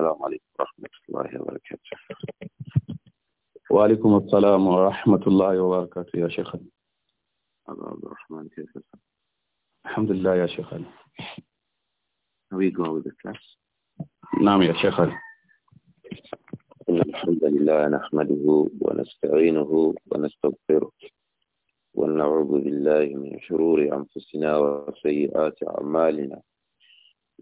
السلام عليكم ورحمة الله وبركاته وعليكم السلام ورحمة الله وبركاته يا شيخنا الله الرحمن كيف الحمد لله يا شيخنا we go with the class نعم يا شيخ إن الحمد لله نحمده ونستعينه ونستغفره ونعوذ بالله من شرور أنفسنا وسيئات أعمالنا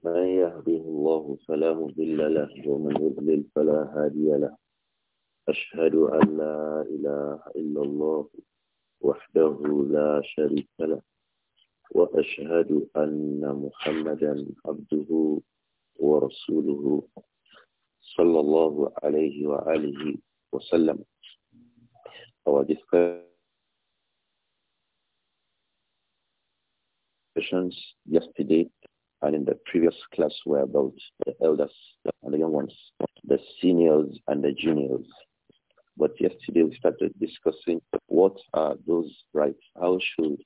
من يهده الله فلا مضل له ومن يضلل فلا هادي له أشهد أن لا إله إلا الله وحده لا شريك له وأشهد أن محمدا عبده ورسوله صلى الله عليه وآله وسلم Our discussions yesterday And in the previous class were about the elders and the young ones, the seniors and the juniors. But yesterday we started discussing what are those rights? How should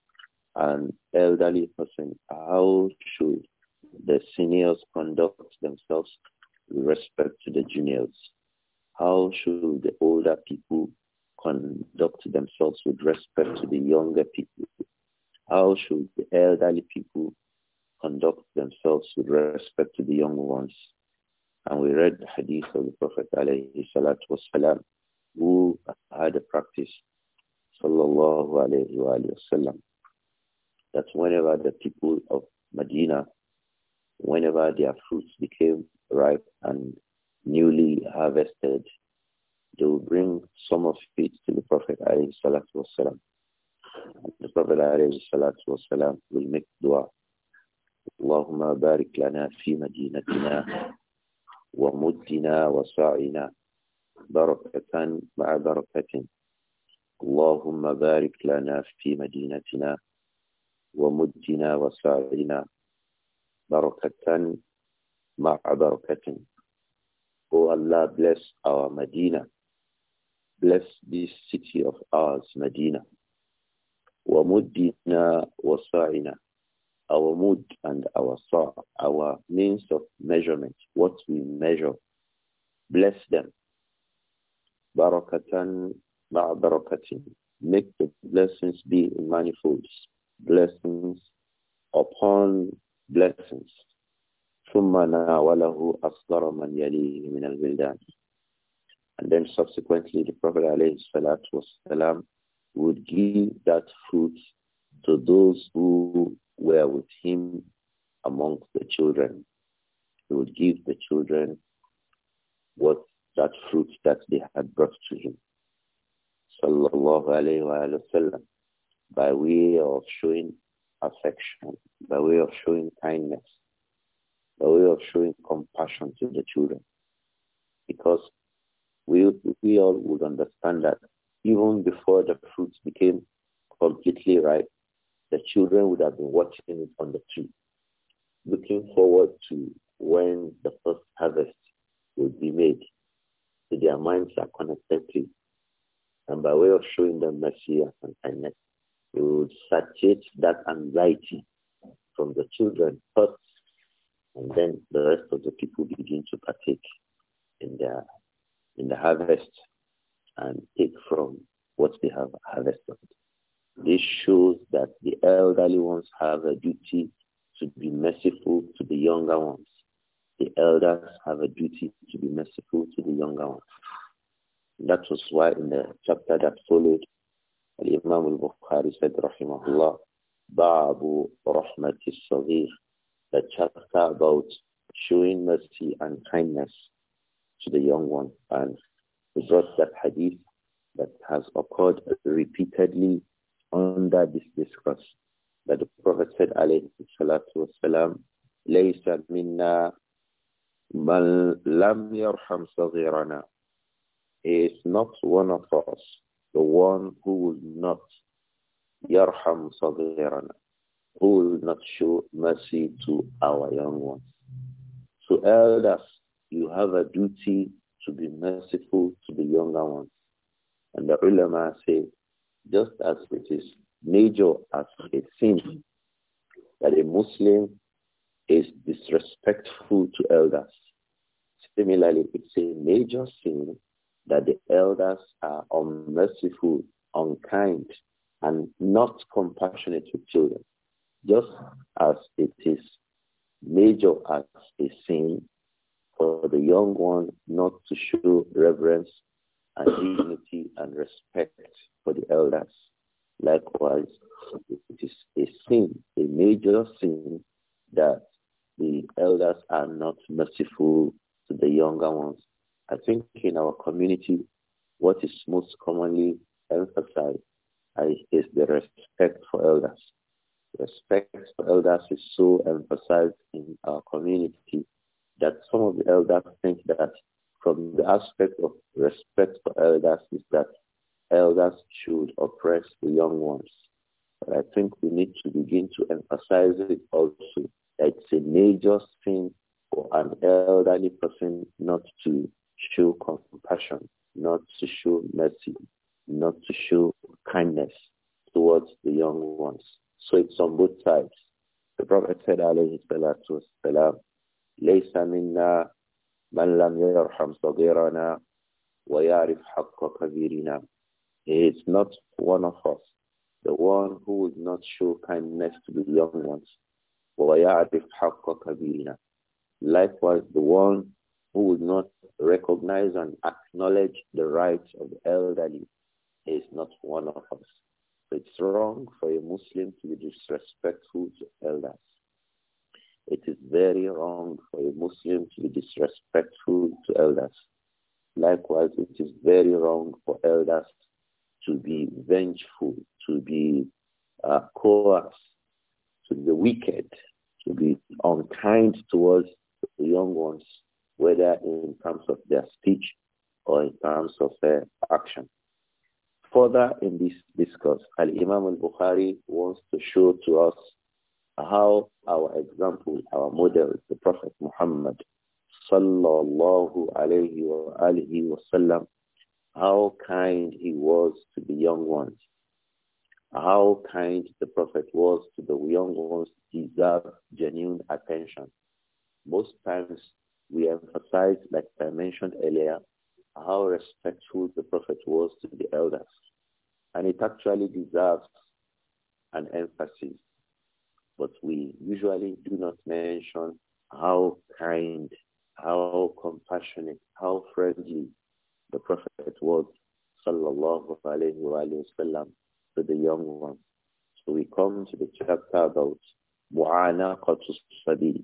an elderly person, how should the seniors conduct themselves with respect to the juniors? How should the older people conduct themselves with respect to the younger people? How should the elderly people conduct themselves with respect to the young ones. And we read the hadith of the Prophet alayhi salatu wasalam, who had a practice, sallallahu alayhi wa sallam, that whenever the people of Medina, whenever their fruits became ripe and newly harvested, they would bring some of it to the Prophet alayhi salatu wasalam. The Prophet alayhi salatu wasalam will make dua اللهم بارك لنا في مدينتنا ومدنا وسعنا بركة مع بركة اللهم بارك لنا في مدينتنا ومدنا وسعنا بركة مع بركة Oh Allah, bless our Medina. Bless this city of ours, Medina. ومدنا وسعنا our mood and our saw, our means of measurement, what we measure. Bless them. Barakatan barakatin. Make the blessings be manifold. Blessings upon blessings. And then subsequently the Prophet عليه would give that fruit to those who were with him amongst the children. He would give the children what that fruit that they had brought to him. Sallallahu alayhi wa sallam, by way of showing affection, by way of showing kindness, by way of showing compassion to the children. Because we, we all would understand that even before the fruits became completely ripe, the children would have been watching it on the tree, looking forward to when the first harvest will be made. So their minds are connected to it. And by way of showing them mercy and kindness, we would satiate that anxiety from the children first, and then the rest of the people begin to partake in the, in the harvest and take from what they have harvested. This shows that the elderly ones have a duty to be merciful to the younger ones. The elders have a duty to be merciful to the younger ones. that was why in the chapter that followed, the imam al-Bukhari said, Rahimahullah, Babu Rahmati Sadir, the chapter about showing mercy and kindness to the young one. And we brought that hadith that has occurred repeatedly under this discourse that the Prophet said, alayhi salatu wasalam, laysa minna man lam yarham saghirana. is not one of us, the one who will not yarham saghirana, who will not show mercy to our young ones. So elders, you have a duty to be merciful to the younger ones. And the ulama say, just as it is major as it seems that a Muslim is disrespectful to elders, similarly, it's a major sin that the elders are unmerciful, unkind, and not compassionate with children. Just as it is major as a sin for the young one not to show reverence and dignity and respect for the elders. Likewise, it is a sin, a major sin, that the elders are not merciful to the younger ones. I think in our community, what is most commonly emphasized uh, is the respect for elders. Respect for elders is so emphasized in our community that some of the elders think that from the aspect of respect for elders is that oppress the young ones. But I think we need to begin to emphasize it also. That it's a major sin for an elderly person not to show compassion, not to show mercy, not to show kindness towards the young ones. So it's on both sides. The Prophet said, alayhi salatu wasalam, لَيْسَ مِنَّا مَنْ لَمْ يَرْحَمْ صَغِيرَنَا وَيَعْرِفْ حَقَّ كَبِيرِنَا he is not one of us, the one who would not show kindness to the young ones. Likewise, the one who would not recognize and acknowledge the rights of the elderly is not one of us. It's wrong for a Muslim to be disrespectful to elders. It is very wrong for a Muslim to be disrespectful to elders. Likewise, it is very wrong for elders to be vengeful, to be uh, coarse, to be wicked, to be unkind towards the young ones, whether in terms of their speech or in terms of their action. Further in this discourse, Al-Imam al-Bukhari wants to show to us how our example, our model, the Prophet Muhammad sallallahu alayhi wa alihi wa sallam, how kind he was to the young ones, how kind the prophet was to the young ones deserve genuine attention. Most times we emphasize, like I mentioned earlier, how respectful the prophet was to the elders. And it actually deserves an emphasis. But we usually do not mention how kind, how compassionate, how friendly, the Prophet was sallallahu alayhi wa sallam to the young ones. So we come to the chapter about mu'anaqatus sabil.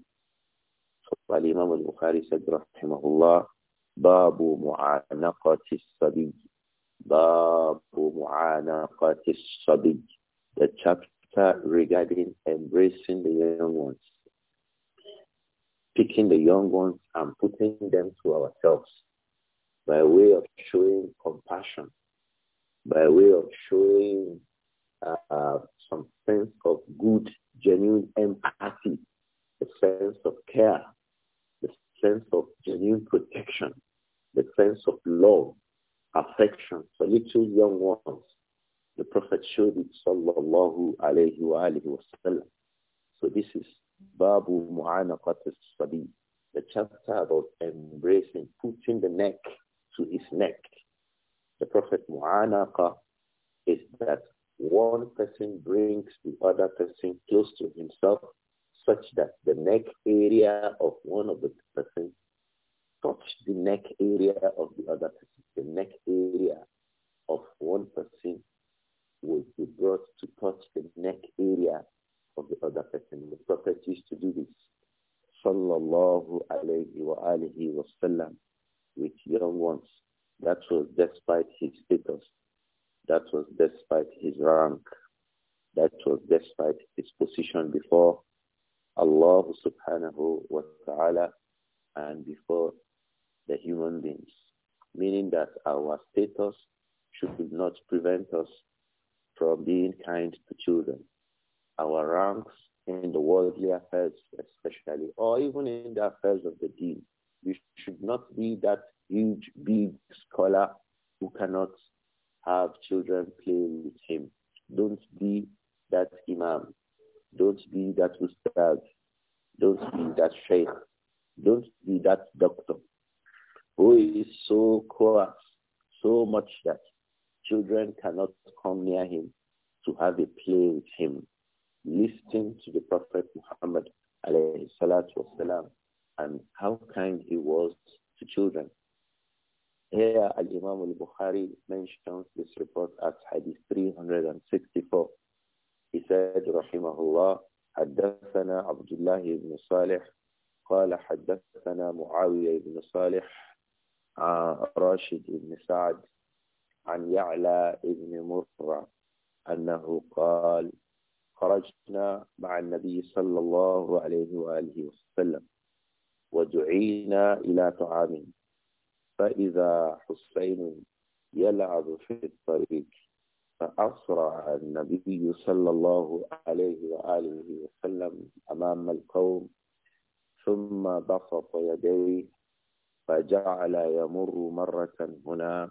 So Imam al-Bukhari said rahimahullah, babu mu'anaqatis sabil. Babu mu'anaqatis sabil. The chapter regarding embracing the young ones. Picking the young ones and putting them to ourselves by way of showing compassion, by way of showing uh, uh, some sense of good, genuine empathy, the sense of care, the sense of genuine protection, the sense of love, affection for little young ones. The Prophet showed it, sallallahu alayhi wa alayhi wa sallam. So this is Babu Mu'anaqat al-Sabi, the chapter about embracing, putting the neck to his neck. The Prophet Mu'anaqa is that one person brings the other person close to himself such that the neck area of one of the persons touch the neck area of the other person. The neck area of one person will be brought to touch the neck area of the other person. The Prophet used to do this. Sallallahu alayhi wa alihi wa sallam with young ones. That was despite his status. That was despite his rank. That was despite his position before Allah subhanahu wa ta'ala and before the human beings. Meaning that our status should not prevent us from being kind to children. Our ranks in the worldly affairs especially, or even in the affairs of the deen, you should not be that huge, big scholar who cannot have children playing with him. Don't be that imam. Don't be that ustad. Don't be that sheikh. Don't be that doctor who is so coarse, so much that children cannot come near him to have a play with him. Listen to the Prophet Muhammad alayhi salatu wasalam and how kind he was to children. Here, Al-Imam al-Bukhari mentions this report as Hadith 364. He said, Rahimahullah, حدثنا عبد الله بن صالح قال حدثنا معاوية بن صالح عن راشد بن سعد عن يعلى بن مرة أنه قال خرجنا مع النبي صلى الله عليه وآله وسلم ودعينا إلى طعام فإذا حسين يلعب في الطريق فأسرع النبي صلى الله عليه وآله وسلم أمام القوم ثم بسط يديه فجعل يمر مرة هنا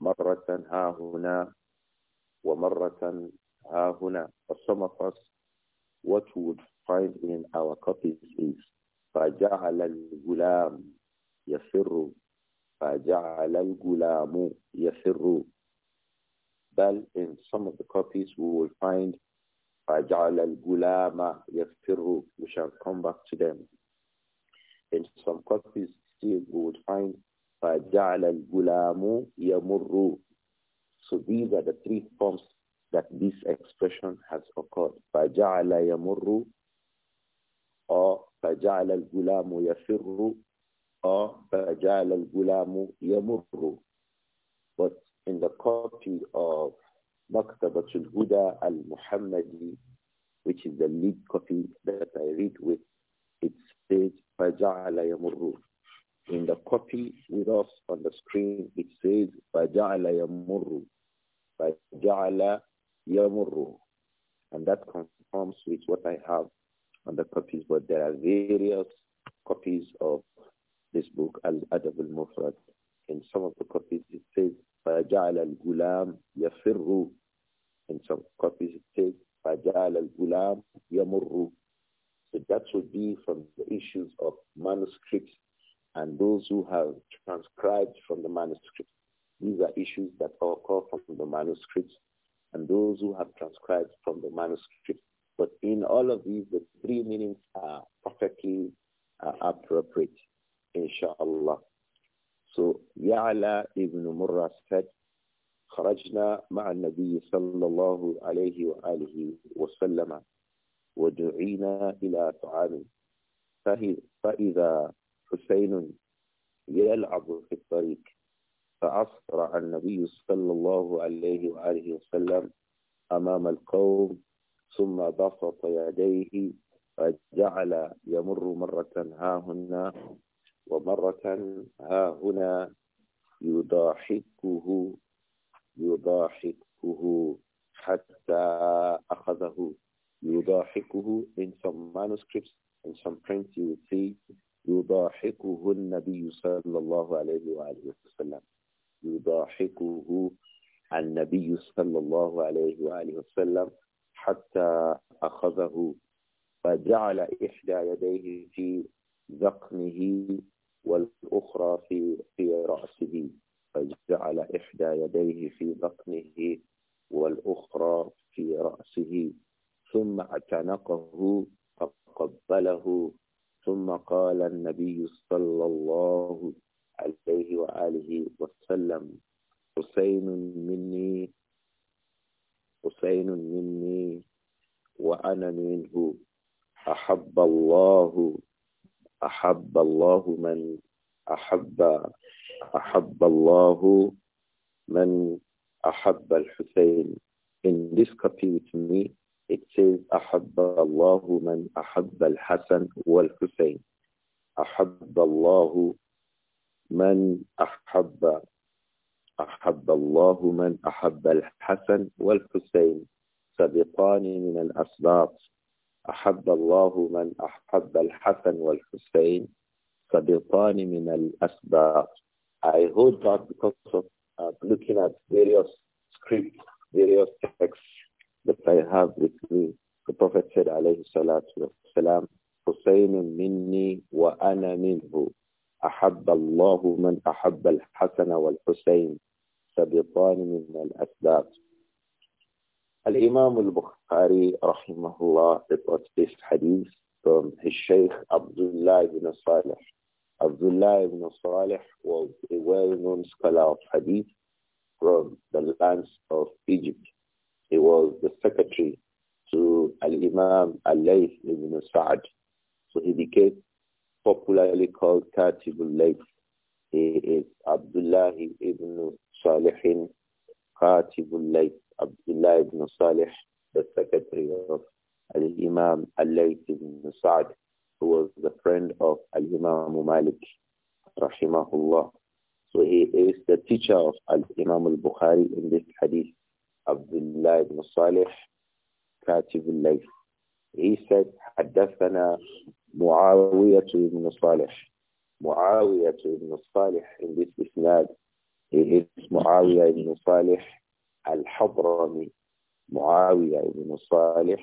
مرة ها هنا ومرة ها هنا. فصمت some find in our copies is فَجَعَلَ الْغُلَامُ يَفِرُّ فَجَعَلَ الْغُلَامُ يَفِرُّ But in some of the copies we will find فَجَعَلَ الْغُلَامَ يَفِرُّ We shall come back to them. In some copies still we would find فَجَعَلَ الْغُلَامُ يَمُرُّ So these are the three forms that this expression has occurred. فَجَعَلَ يَمُرُّ فَجَعَلَ الْغُلَامُ يَفِرُّ or فَجَعَلَ الْغُلَامُ يَمُرُّ But in the copy of مكتبة Huda al-Muhammadi, which is the lead copy that I read with, it says فَجَعَلَ يَمُرُّ In the copy with us on the screen, it says فَجَعَلَ يَمُرُّ فَجَعَلَ يَمُرُّ And that conforms with what I have on the copies, but there are various copies of this book, Al-Adab al-Mufrad. In some of the copies it says, al gulam yafiru," In some copies it says, al gulam يَمُرُّ So that would be from the issues of manuscripts and those who have transcribed from the manuscripts. These are issues that occur from the manuscripts and those who have transcribed from the manuscripts but in all of these, the three meanings are perfectly uh, appropriate, inshallah. So Ya'la ibn Murrah said, خرجنا مع النبي صلى الله عليه وآله وسلم ودعينا إلى طعام فإذا حسين يلعب في الطريق فأسرع النبي صلى الله عليه وآله وسلم أمام القوم ثم بسط يديه وجعل يمر مرة ها هنا ومرة ها هنا يضاحكه يضاحكه حتى أخذه يضاحكه in some manuscripts in some prints you would see يضاحكه النبي صلى الله عليه وآله وسلم يضاحكه النبي صلى الله عليه وآله وسلم حتى أخذه فجعل إحدى يديه في ذقنه والأخرى في في رأسه فجعل إحدى يديه في ذقنه والأخرى في رأسه ثم اعتنقه فقبله ثم قال النبي صلى الله عليه وآله وسلم حسين مني حسين مني وأنا منه أحب الله أحب الله من أحب أحب الله من أحب الحسين in this copy with me it says أحب الله من أحب الحسن والحسين أحب الله من أحب أحب الله من أحب الحسن والحسين سبقان من الأسباب أحب الله من أحب الحسن والحسين سبقان من الأسباب I hold that because of uh, looking at various scripts, various texts that I have with me. The Prophet said, alayhi salatu wasalam, Husaynun minni wa ana minhu. أحب الله من أحب الحسن والحسين سبقان من الأسباب الإمام البخاري رحمه الله reports this hadith from his Sheikh Abdullah ibn Salih Abdullah ibn Salih was a well-known scholar of hadith from the lands of Egypt. He was the secretary to Al-Imam Al-Layth ibn sa So he became popularly called Katibul Layth, He is Abdullah ibn Salihin Katibul Layth Abdullah ibn Salih, the secretary of Al-Imam Al-Layth ibn Sa'd, who was the friend of Al-Imam Malik, rahimahullah. So he is the teacher of Al-Imam Al-Bukhari in this hadith, Abdullah ibn Salih, Katib layth He said, حدثنا Muawiyah ibn Salih. Muawiyah ibn Salih in this isnad. He is Muawiyah ibn Salih al-Hadrami. Muawiyah ibn Salih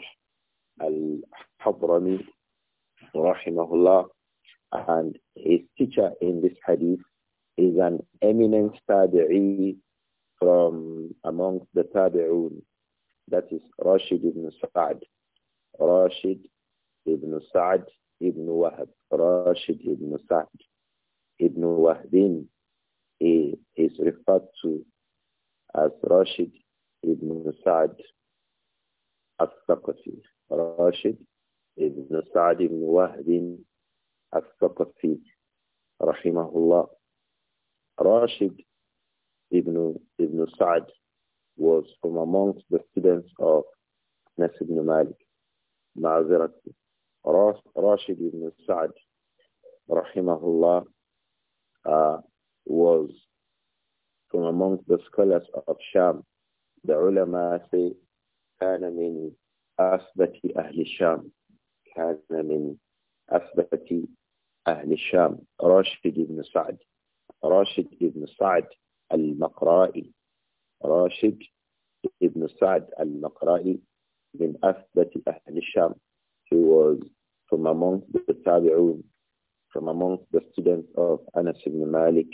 al-Hadrami rahimahullah. And his teacher in this hadith is an eminent tabi'i from amongst the tabi'un. That is Rashid ibn Sa'ad. Rashid ibn Sa'ad ibn Wahab, Rashid ibn sa ibn Wahbin. He is referred to as Rashid ibn sa as al-Thaqafi. Rashid ibn Sa'd ibn Wahbin al-Thaqafi, rahimahullah. Rashid ibn, ibn sa was from amongst the students of Anas ibn Malik, Ma'azirati. Rashid ibn Sa'd, rahimahullah, uh, was from among the scholars of Sham. The ulama say, كان من أثبت أهل الشام كان من أثبت أهل الشام راشد بن سعد راشد بن سعد المقرائي راشد بن سعد المقرائي من أثبت أهل الشام he was from amongst the Tabi'un, from amongst the students of Anas ibn Malik,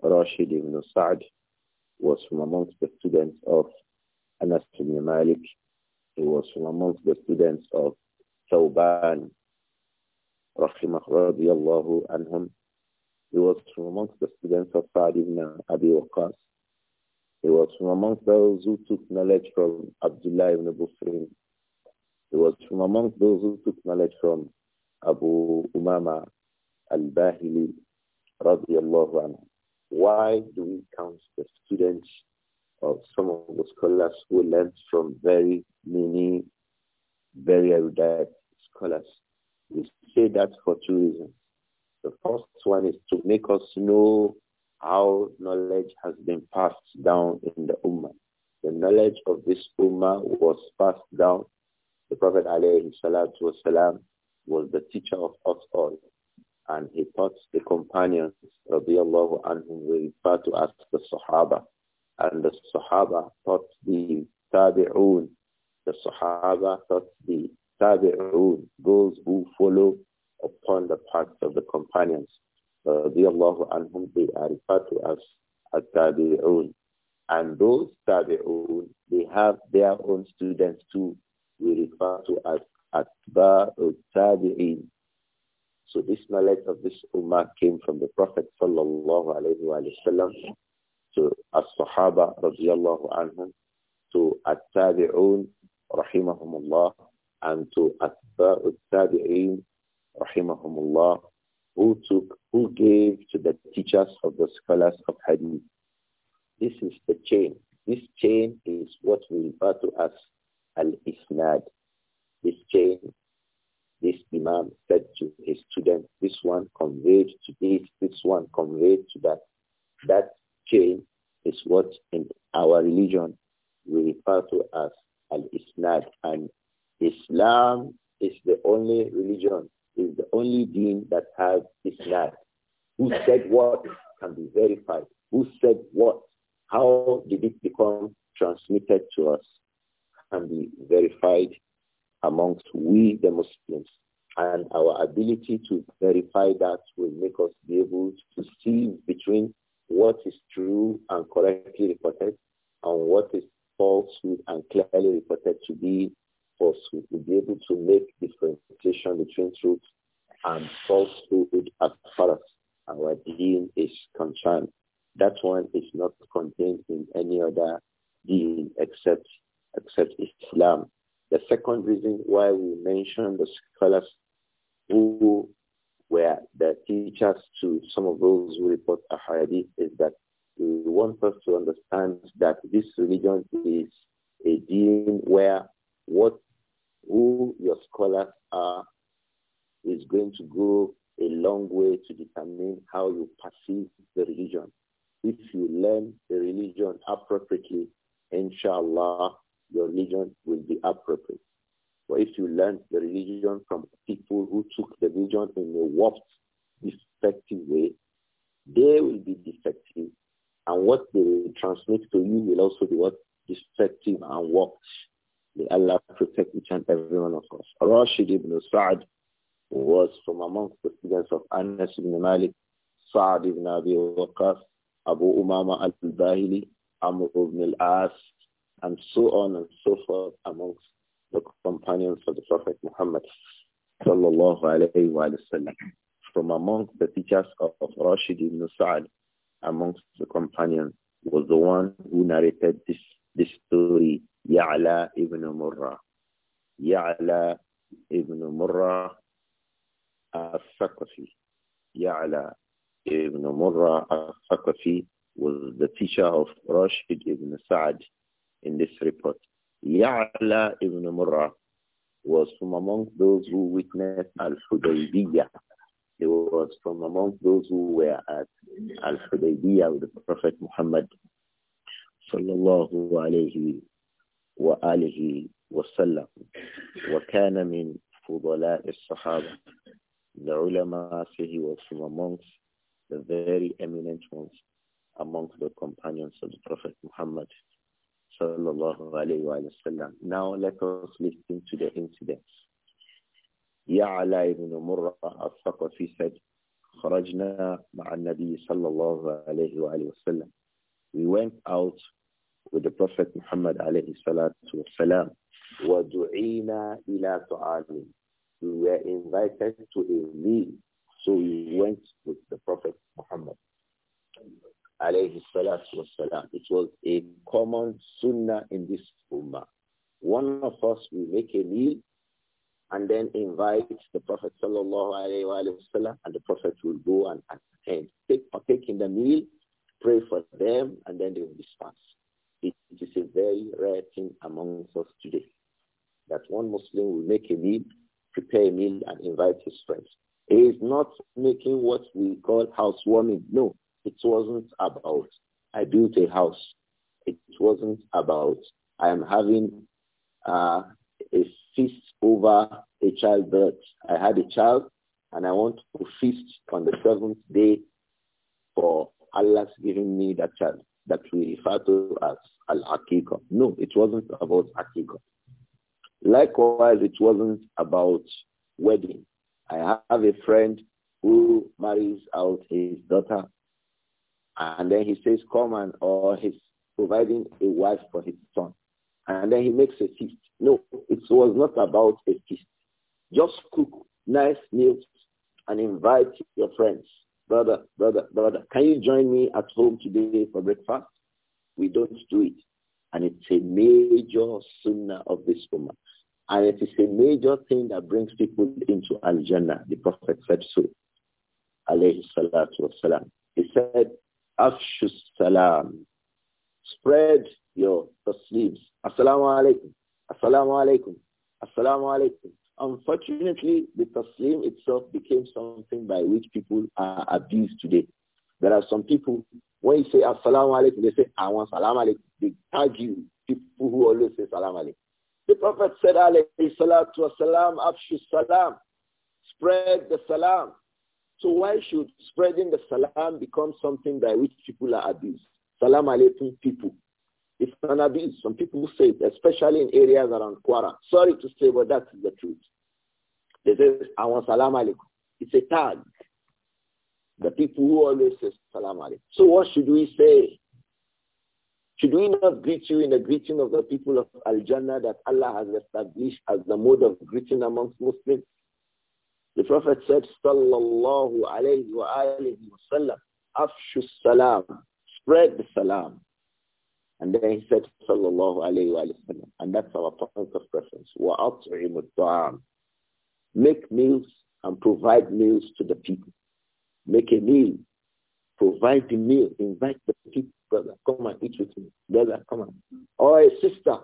Rashid ibn Sa'd was from amongst the students of Anas ibn Malik. He was from amongst the students of Thawban, رحمه رضي الله He was from amongst the students of Sa'd ibn Abi Waqas. He was from amongst those who took knowledge from Abdullah ibn Bufrin, he was from amongst those who took knowledge from Abu Umama al-Bahili radiallahu anhu. Why do we count the students of some of the scholars who learned from very many, very erudite scholars? We say that for two reasons. The first one is to make us know how knowledge has been passed down in the Ummah. The knowledge of this Ummah was passed down the Prophet alayhi was the teacher of us all. And he taught the companions, radiallahu anhum, we refer to as the Sahaba. And the Sahaba taught the Tabi'un. The Sahaba taught the Tabi'un, those who follow upon the path of the companions. Radiallahu anhum, they are referred to as tabiun And those Tabi'un, they have their own students too we refer to as al Tabi'in. So this knowledge of this ummah came from the Prophet sallallahu alayhi wa sallam to as-sahaba radiyallahu anhum to at-tabi'un rahimahumullah and to al tabi'in rahimahumullah who took who gave to the teachers of the scholars of hadith. This is the chain. This chain is what we refer to as al-isnad. This chain, this imam said to his student, this one conveyed to this, this one conveyed to that. That chain is what in our religion we refer to as al-isnad. And Islam is the only religion, is the only deen that has isnad. Who said what can be verified. Who said what? How did it become transmitted to us? can be verified amongst we, the Muslims. And our ability to verify that will make us be able to see between what is true and correctly reported and what is falsehood and clearly reported to be falsehood. We'll be able to make differentiation between truth and falsehood as far as our deen is concerned. That one is not contained in any other deen except except Islam. The second reason why we mention the scholars who were the teachers to some of those who report a hadith is that we want us to understand that this religion is a deen where what who your scholars are is going to go a long way to determine how you perceive the religion. If you learn the religion appropriately, inshallah, your religion will be appropriate. But if you learn the religion from people who took the religion in a warped, defective way, they will be defective. And what they will transmit to you will also be what defective and warped. May Allah protect each and every one of us. Rashid ibn Sa'd was from amongst the students of Anas ibn Malik, Sa'd ibn Abi Waqas, Abu Umama al-Bahili, Amr ibn al-As, and so on and so forth amongst the companions of the Prophet Muhammad sallallahu alayhi wa sallam. From among the teachers of, of Rashid ibn Saad, amongst the companions, was the one who narrated this, this story, Ya'la ibn Murrah. Ya'la ibn Murrah al-Thaqafi. Ya'la ibn Murrah al-Thaqafi was the teacher of Rashid ibn Saad in this report. Ya'la ibn Murrah was from among those who witnessed Al-Hudaybiyah. He was from among those who were at Al-Hudaybiyah with the Prophet Muhammad sallallahu alayhi wa alihi wa sallam. وكان من فضلاء الصحابة. The ulama say he was from amongst the very eminent ones among the companions of the Prophet Muhammad sallallahu alayhi wa sallam. Now let us listen to the incident. يعلى بن مرة الثقفي said خرجنا مع النبي صلى الله عليه وآله وسلم We went out with the Prophet Muhammad alayhi عليه الصلاة والسلام ودعينا إلى طعام We were invited to a meal so we went with the Prophet Muhammad alayhi salatu wasalam. It was a common sunnah in this ummah. One of us will make a meal and then invite the Prophet sallallahu alayhi wa, sallam, and the Prophet will go and, take partake in the meal, pray for them, and then they will disperse. It, it is a very rare thing amongst us today that one Muslim will make a meal, prepare a meal, and invite his friends. He is not making what we call housewarming. No, it wasn't about, I built a house. It wasn't about, I am having uh, a feast over a childbirth. I had a child and I want to feast on the seventh day for Allah's giving me that child that we refer to as Al-Aqiqah. No, it wasn't about Aqiqah. Likewise, it wasn't about wedding. I have a friend who marries out his daughter and then he says, come and, or he's providing a wife for his son. And then he makes a feast. No, it was not about a feast. Just cook nice meals and invite your friends. Brother, brother, brother, can you join me at home today for breakfast? We don't do it. And it's a major sunnah of this woman And it is a major thing that brings people into Al-Jannah. The Prophet said so. Alayhi salatu wasalam. He said, Afshu salam. Spread your tasleems. Assalamu alaikum. Assalamu alaikum. Assalamu alaikum. Unfortunately, the taslim itself became something by which people are abused today. There are some people, when you say assalamu alaikum, they say, I want salam alaikum. They tag you, people who always say salam alaikum. The Prophet said, alayhi salatu wasalam, afshu salam, spread the salam. So why should spreading the salam become something by which people are abused? Salam alaikum people. It's an abuse. Some people say it, especially in areas around Kwara. Sorry to say, but that is the truth. They say, I want salam alaikum. It's a tag. The people who always say salam alaikum. So what should we say? Should we not greet you in the greeting of the people of Al-Jannah that Allah has established as the mode of greeting amongst Muslims? The Prophet said, Sallallahu alayhi wa wa sallam, Afshu salam, spread the salam. And then he said, Sallallahu alayhi wa sallam, and that's our point of preference. Wa at'imu ta'am. Make meals and provide meals to the people. Make a meal. Provide the meal. Invite the people. Brother, come and eat with me. Brother, come on. Or a sister.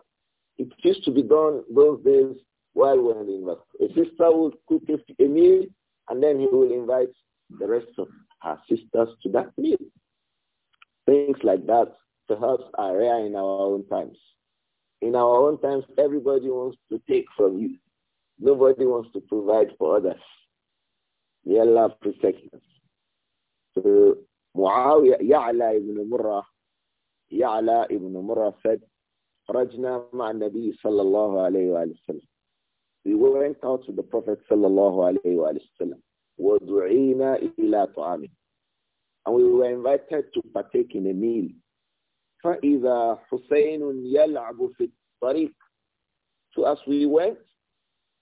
It used to be done those days while we were in A sister will cook a meal and then he will invite the rest of her sisters to that meal. Things like that perhaps are rare in our own times. In our own times, everybody wants to take from you. Nobody wants to provide for others. May Allah protect us. So Muawiyah, Ya'la ibn Murrah, Ya'la ibn Murrah said, خرجنا مع النبي صلى الله عليه وآله وسلم we went out to the Prophet sallallahu alayhi wa sallam. وَدُعِينَا إِلَىٰ طَعَامٍ And we were invited to partake in a meal. فَإِذَا حُسَيْنٌ يَلْعَبُ فِي الطَّرِيقِ So as we went,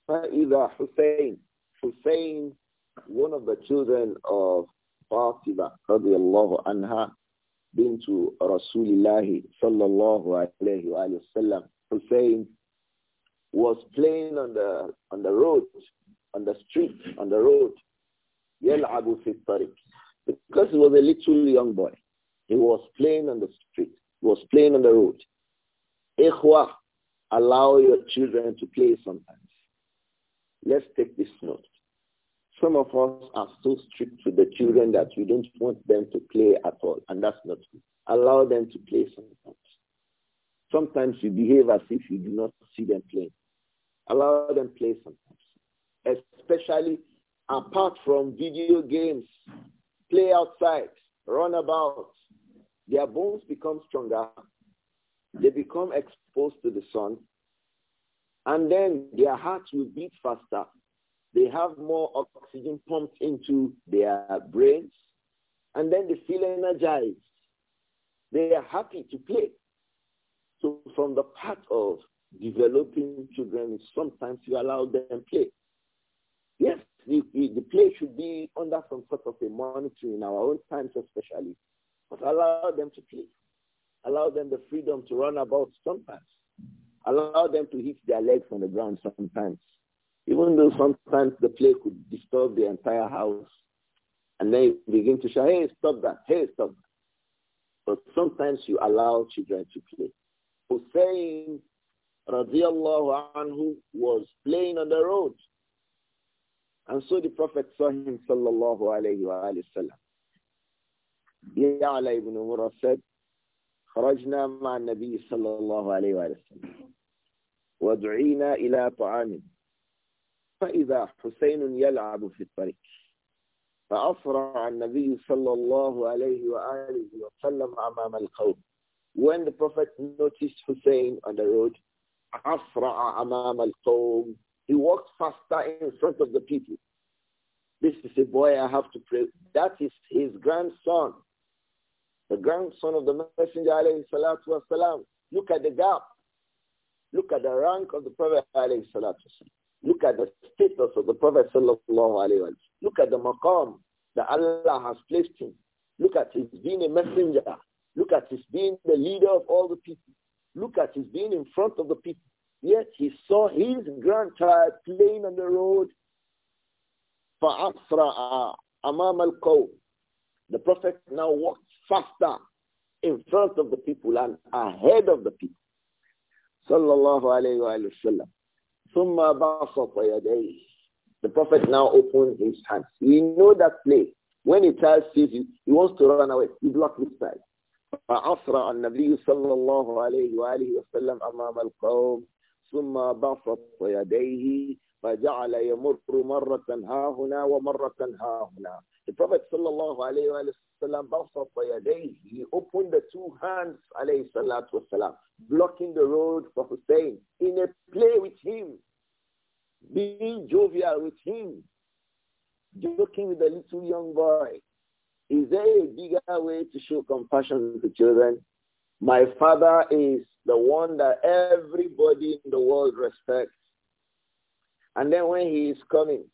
فَإِذَا حُسَيْنٌ Hussein, one of the children of Fatima radiallahu anha, been to Rasulullah sallallahu alayhi wa sallam, Hussein was playing on the on the road, on the street, on the road. يَلْعَبُ فِي الطَّرِيقِ Because he was a little young boy. He was playing on the street. He was playing on the road. Ikhwa, allow your children to play sometimes. Let's take this note. Some of us are so strict with the children that we don't want them to play at all, and that's not good. Allow them to play sometimes. Sometimes you behave as if you do not see them playing. Allow them play sometimes, especially apart from video games. Play outside, run about. Their bones become stronger. They become exposed to the sun. And then their hearts will beat faster. They have more oxygen pumped into their brains. And then they feel energized. They are happy to play. So from the part of developing children is sometimes you allow them play. Yes, the, the play should be under some sort of a monitoring in our own times especially, but allow them to play. Allow them the freedom to run about sometimes. Allow them to hit their legs on the ground sometimes. Even though sometimes the play could disturb the entire house. And they begin to shout, hey, stop that, hey, stop that. But sometimes you allow children to play. Hussein radiallahu anhu, was playing on the road. And so the Prophet saw him, sallallahu alayhi wa sallam. Ya'la ibn Umar said, خرجنا مع النبي صلى الله عليه وسلم ودعينا إلى طعام فإذا حسين يلعب في الطريق فأسرع النبي صلى الله عليه وآله وسلم أمام القوم When the Prophet noticed Hussein on the road, he walked faster in front of the people this is a boy I have to pray that is his grandson the grandson of the messenger alayhi salatu wasalam look at the gap look at the rank of the prophet alayhi salatu wasalam Look at the status of the Prophet sallallahu Look at the maqam that Allah has placed him. Look at his being a messenger. Look at his being the leader of all the people. Look at his being in front of the people. Yet he saw his grandchild playing on the road. The Prophet now walked faster in front of the people and ahead of the people. Sallallahu alayhi wa sallam. The Prophet now opened his hands. You know that play. When a child sees you, he wants to run away. You block his side. فعصر النبي صلى الله عليه وآله وسلم أمام القوم ثم بسط يديه فجعل يمر مرة ها هنا ومرة ها هنا The Prophet صلى الله عليه وآله وسلم بسط يديه He opened the two hands عليه الصلاة والسلام blocking the road for Hussein in a play with him being jovial with him joking with the little young boy is there a bigger way to show compassion to children? My father is the one that everybody in the world respects. And then when he is coming,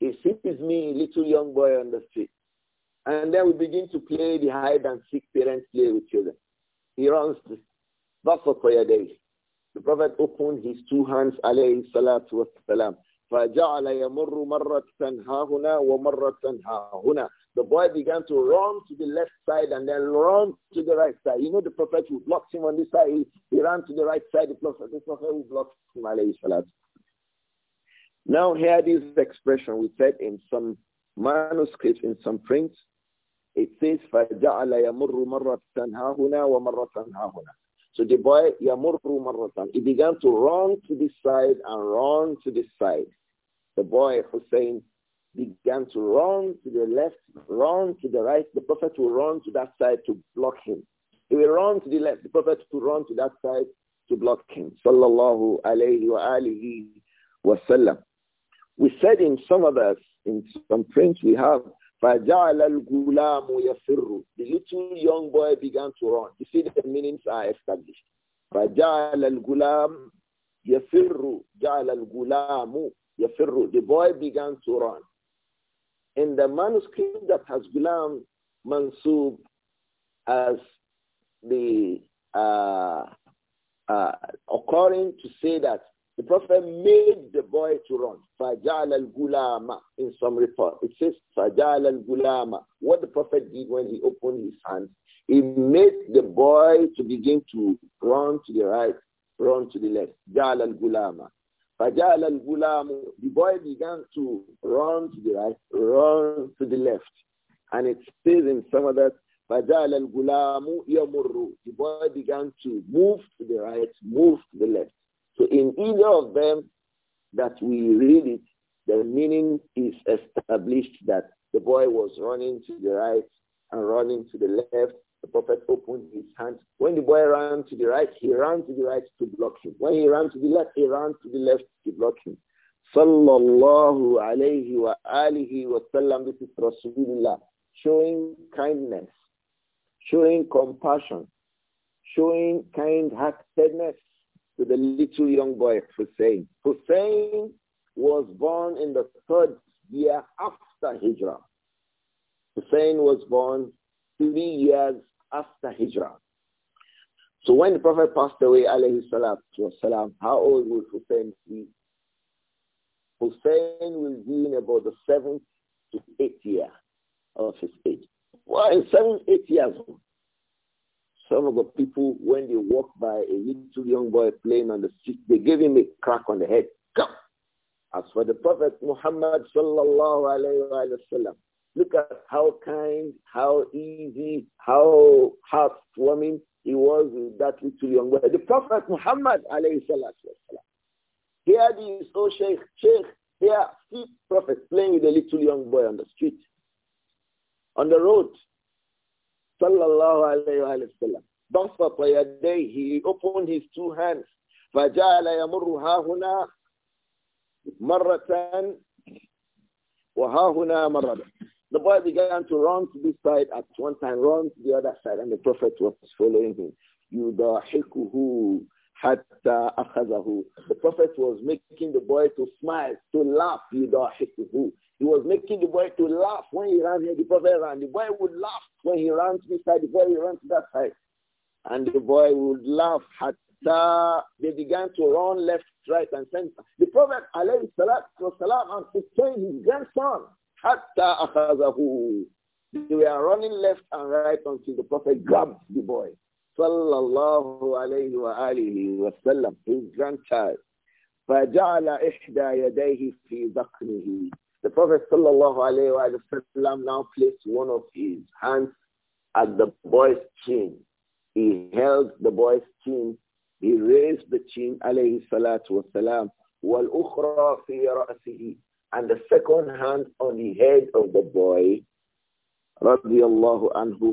he sees me, little young boy on the street. And then we begin to play the hide and seek parents play with children. He runs to prayer Day. The Prophet opened his two hands, alayhi salatu فَجَعَلَ يَمُرُّ مَرَّةً وَمَرَّةً the boy began to run to the left side and then run to the right side. You know the prophet who blocked him on this side, he, he ran to the right side, the prophet, the prophet who blocked him, alayhi Now here this expression we said in some manuscripts, in some prints, it says, فَجَعَلَ يَمُرُّ مَرَّةً هَاهُنَا وَمَرَّةً هَاهُنَا So the boy, يَمُرُّ مَرَّةً He began to run to this side and run to this side. The boy, Hussein, began to run to the left, run to the right, the prophet will run to that side to block him. He will run to the left, the prophet will run to that side to block him. Sallallahu alayhi wa alihi wa sallam. We said in some of us, in some prints we have, فَجَعَلَ الْغُلَامُ يَفِرُّ The little young boy began to run. You see the meanings are established. فَجَعَلَ الْغُلَامُ يَفِرُّ جَعَلَ الْغُلَامُ يَفِرُّ The boy began to run in the manuscript that has Ghulam Mansub as the uh, uh, occurring to say that the Prophet made the boy to run. Fajal al-gulama in some report. It says Fajal al-gulama. What the Prophet did when he opened his hands, he made the boy to begin to run to the right, run to the left. Jal al-gulama. Fajal al Gulamu, the boy began to run to the right, run to the left. And it says in some of that, Fajal al Gulamu Yamurru, the boy began to move to the right, move to the left. So in either of them that we read it, the meaning is established that the boy was running to the right and running to the left the Prophet opened his hands. When the boy ran to the right, he ran to the right to block him. When he ran to the left, he ran to the left to block him. Sallallahu alayhi wa alihi wa sallam. This is Rasulullah. Showing kindness, showing compassion, showing kind-heartedness to the little young boy Hussein. Hussein was born in the third year after Hijrah. Hussein was born three years after Hijrah. So when the Prophet passed away, alayhi salatu wasalam, how old would Hussein be? Hussein will be in about the seventh to eighth year of his age. Well, in seven, eight years old. Some of the people, when they walk by a little young boy playing on the street, they give him a crack on the head. Come! As for the Prophet Muhammad sallallahu alayhi wa sallam, Look at how kind, how easy, how heartwarming he was with that little young boy. The Prophet Muhammad alayhi salatu Here this, oh Sheikh, Sheikh, here, see Prophet playing with a little young boy on the street, on the road. Sallallahu alayhi wa sallam. بَصَّطَ يَدَيْهِ He opened his two hands. فَجَعَلَ يمرها هُنَا مرة وها هنا مرة the boy began to run to this side at one time, run to the other side, and the Prophet was following him. The Prophet was making the boy to smile, to laugh. Yudahikuhu. He was making the boy to laugh when he ran here. The Prophet ran. The boy would laugh when he ran to this side. The boy run to that side. And the boy would laugh. Hatta they began to run left, right, and center. The Prophet, alayhi salatu wasalam, and his grandson, Hatta akhazahu. They were running left and right until the Prophet grabbed the boy. Sallallahu alayhi wa alihi wa sallam, his grandchild. فَجَعَلَ إِحْدَى يَدَيْهِ فِي ذَقْنِهِ The Prophet sallallahu alayhi wa sallam now placed one of his hands at the boy's chin. He held the boy's chin. He raised the chin, alayhi salatu wasalam. وَالْأُخْرَى فِي رَأْسِهِ and the second hand on the head of the boy, anhu,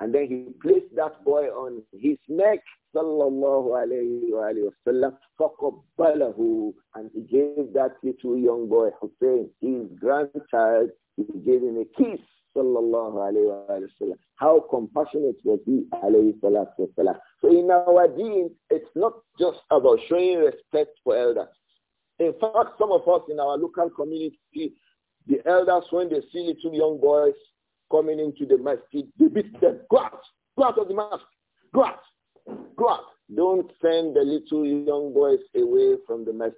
and then he placed that boy on his neck, sallallahu alayhi wa sallam, فَقَبَّلَهُ And he gave that little young boy, Hussein, his grandchild, he gave him a kiss, sallallahu alayhi wa How compassionate was he, alayhi salatu wa So in our deen, it's not just about showing respect for elders. In fact, some of us in our local community, the elders, when they see little young boys coming into the masjid, they beat them. Go out. Go out of the mosque. Go out. Go out. Don't send the little young boys away from the masjid.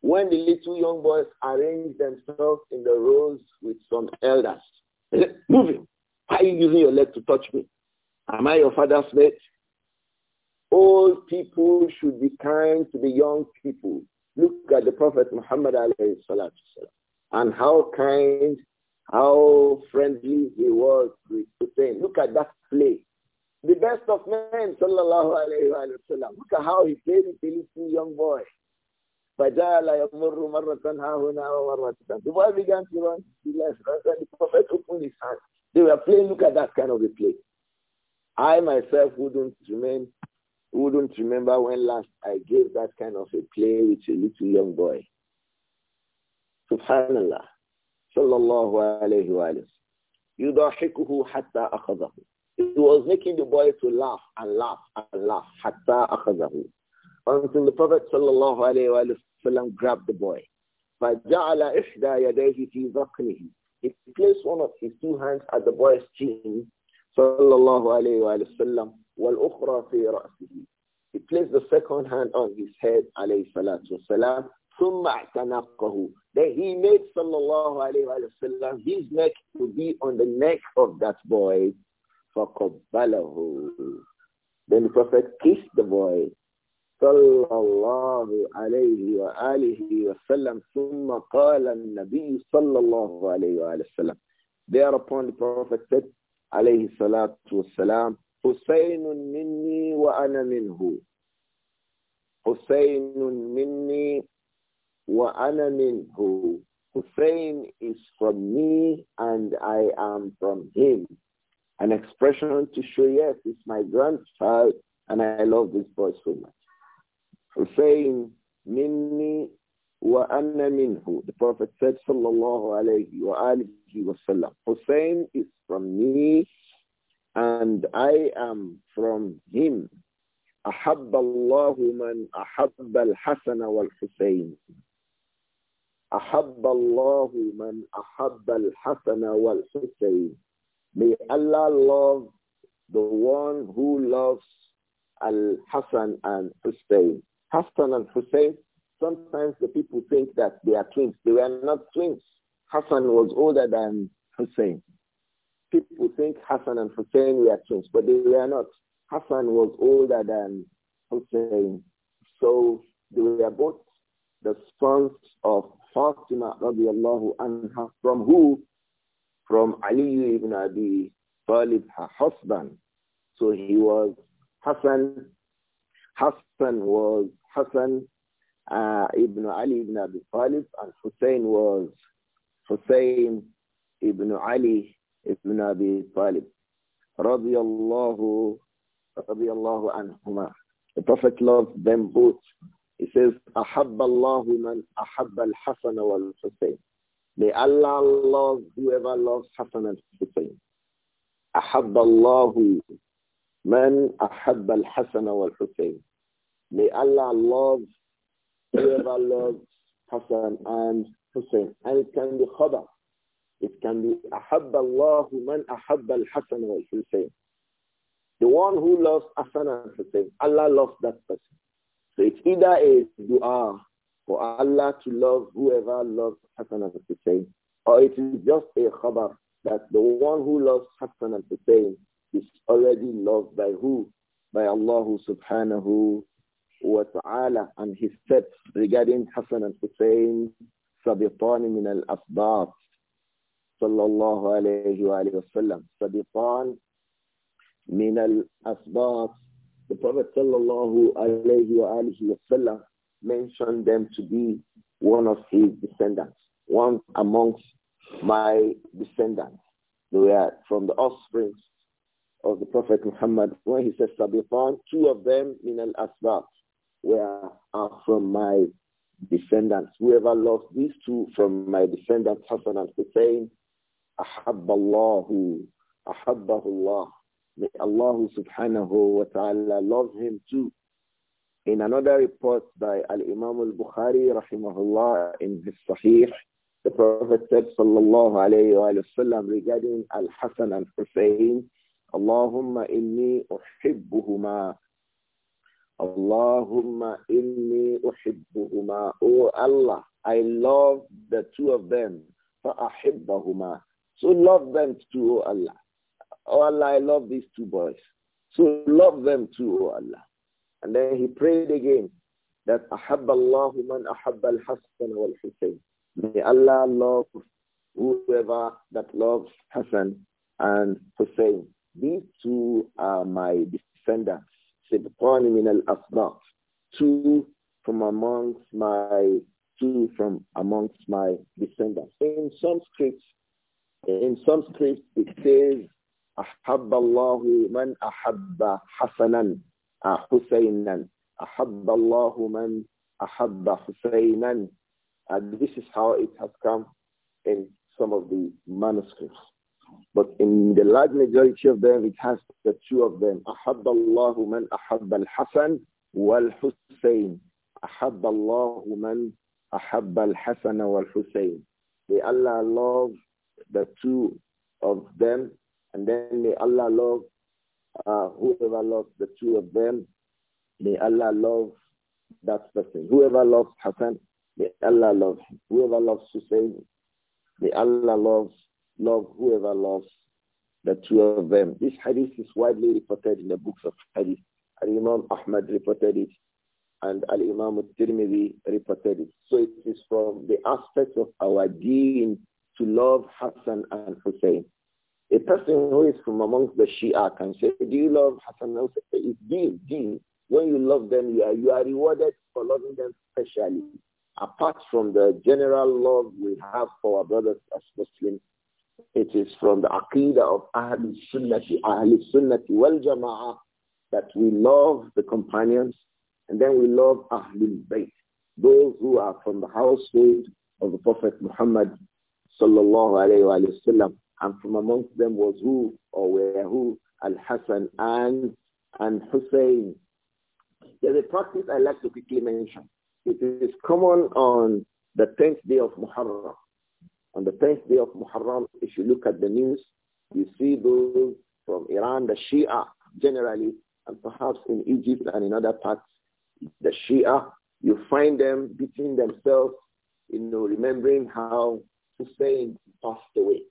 When the little young boys arrange themselves in the rows with some elders, move him. Why are you using your leg to touch me? Am I your father's mate? Old people should be kind to the young people. Look at the Prophet Muhammad and how kind, how friendly he was with Hussein. Look at that play. The best of men, sallallahu alayhi wa sallam. Look at how he played with the little young boy. The boy began to run, he left, the prophet opened his hand. They were playing, look at that kind of a play. I myself wouldn't remain wouldn't remember when last I gave that kind of a play with a little young boy. Subhanallah. Sallallahu alayhi wa Yudahikuhu hatta akhadahu. He was making the boy to laugh and laugh and laugh. Hatta akhadahu. Until the Prophet sallallahu alayhi wa grabbed the boy. فَجَعَلَ إِحْدَى يَدَيْهِ فِي ذَقْنِهِ He placed one of his two hands at the boy's chin. Sallallahu alayhi wa sallam. وَالْأُخْرَى فِي رَأْسِهِ He placed the second hand on his head, alayhi salatu wasalam, ثُمَّ اعْتَنَقَهُ Then he made, sallallahu alayhi wa his neck to be on the neck of that boy, فَقَبَّلَهُ Then the Prophet kissed the boy, صلى الله عليه وآله وسلم ثم قال النبي صلى الله عليه وآله وسلم Thereupon the Prophet said عليه الصلاة والسلام حسين مني وأنا منه حسين مني وأنا منه Hussein is from me and I am from him. An expression to show, yes, it's my grandchild and I love this boy so much. Hussein minni wa anna minhu. The Prophet said, sallallahu alayhi wa alihi wa sallam, Hussein is from me and I am from him. أحب الله من أحب الحسن والحسين أحب الله من أحب الحسن والحسين May Allah love the one who loves Al-Hassan and Hussein. Hassan and Hussein, sometimes the people think that they are twins. They were not twins. Hassan was older than Hussein people think Hassan and Hussein were twins, but they were not. Hassan was older than Hussein. So they were both the sons of Fatima radiallahu anha, from who? From Ali ibn Abi Talib, her husband. So he was Hassan. Hassan was Hassan uh, ibn Ali ibn Abi Talib, and Hussein was Hussein ibn Ali ibn رَضِيَ اللَّهُ رَضِيَ اللَّهُ عَنْهُمَا. The Prophet loved them both. He says, أَحَبَّ اللَّهُ مَنْ أَحَبَّ الْحَسَنَ وَالْحُسَيْنَ May Allah love whoever loves Hassan and Hussein. أحب الله من أحب الحسن والحسين. May Allah love whoever loves Hassan and Hussein. And it can be khabar. It can be أحب الله من أحب الحسن والحسين. The one who loves Hassan Al Hussein, Allah loves that person. So it's either a dua for Allah to love whoever loves Hassan Al Hussein, or it is just a khabar that the one who loves Hassan Al Hussein is already loved by who? By Allah subhanahu wa ta'ala. And he said regarding Hassan and Hussein, سَبِطَانِ مِنَ الْأَصْبَاطِ صلى الله عليه وآله وسلم The Prophet sallallahu alayhi wa sallam mentioned them to be one of his descendants, one amongst my descendants. They were from the offspring of the Prophet Muhammad. When he says Sabiqan, two of them, min al-Asbab, were are from my descendants. Whoever lost these two from my descendants, Hassan and Hussein, أحب الله أحبه الله May Allah subhanahu wa ta'ala love him too. In another report by Al-Imam al-Bukhari rahimahullah in his Sahih, the Prophet said sallallahu alayhi wa sallam regarding Al-Hasan and Hussein, Allahumma inni uhibbuhuma. Allahumma inni uhibbuhuma. Oh Allah, I love the two of them. فَأَحِبَّهُمَا so love them too, O Allah. O oh Allah, I love these two boys. So love them too, O Allah. And then he prayed again that أحب الله من أحب الحسن والحسين. May Allah love whoever that loves Hassan and Hussein. These two are my descendants. Two from amongst my two from amongst my descendants. In some scripts, in some scripts, it says, أحب الله من أحب حسنا حسينا أحب الله من أحب حسينا And this is how it has come in some of the manuscripts. But in the large majority of them, it has the two of them. أحب الله من أحب الحسن والحسين أحب الله من أحب الحسن والحسين May Allah love the two of them, and then may Allah love uh, whoever loves the two of them. May Allah love that person. Whoever loves Hassan, may Allah love him. Whoever loves Hussein, may Allah love love whoever loves the two of them. This hadith is widely reported in the books of hadith. Al Imam Ahmad reported it, and Al Imam Tirmidhi reported it. So it is from the aspect of our deen to love Hassan and Hussein. A person who is from amongst the Shia can say, do you love Hassan and Hussein? It's deal, deal. When you love them, you are, you are rewarded for loving them specially. Apart from the general love we have for our brothers as Muslims, it is from the Aqidah of Ahlul Sunnati, Ahlul Sunnati wal Jama'ah that we love the companions and then we love Ahlul Bayt, those who are from the household of the Prophet Muhammad sallallahu alayhi wa, sallam. And from amongst them was who or were who? Al-Hassan and, and Hussein. There's a practice I like to quickly mention. It is common on the 10th day of Muharram. On the 10th day of Muharram, if you look at the news, you see those from Iran, the Shia generally, and perhaps in Egypt and in other parts, the Shia, you find them beating themselves, you know, remembering how Saying passed away.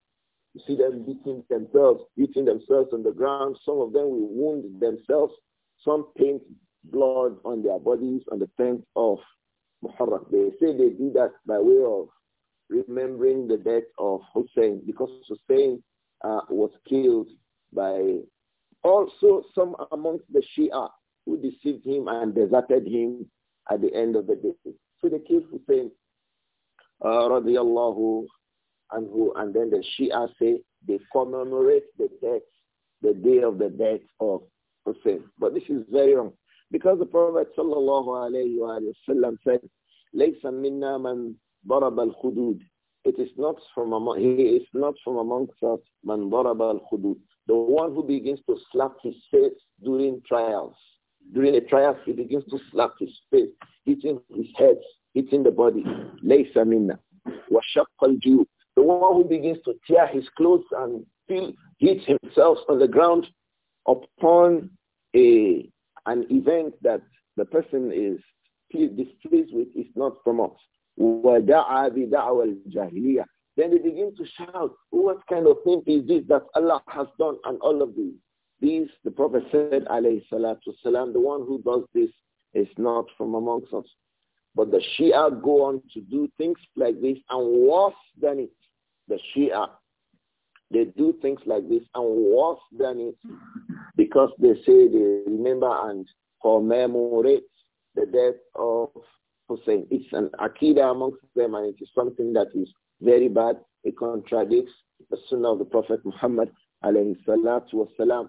You see them beating themselves, beating themselves on the ground. Some of them will wound themselves. Some paint blood on their bodies on the 10th of Muharram. They say they do that by way of remembering the death of Hussein because Hussein uh, was killed by also some amongst the Shia who deceived him and deserted him at the end of the day. So they killed Hussein uh, radiallahu who and then the Shia say they commemorate the death, the day of the death of Hussein. But this is very wrong. Because the Prophet sallallahu alayhi wa said, لَيْسَ minna مَنْ al الْخُدُودِ It is not from among, he is not from amongst us, مَنْ al khudud, The one who begins to slap his face during trials. During a trial, he begins to slap his face, hitting his head, hitting the body. minna مِنَّا وَشَقَّ الْجُيُوبِ the one who begins to tear his clothes and feel, hit himself on the ground upon a, an event that the person is displeased with is not from us. Then they begin to shout, what kind of thing is this that Allah has done and all of these? These, the Prophet said, salatu salam, the one who does this is not from amongst us. But the Shia go on to do things like this and worse than it the Shia, they do things like this and worse than it because they say they remember and commemorate the death of Hussein. It's an akida amongst them and it is something that is very bad. It contradicts the sunnah of the Prophet Muhammad alayhi salatu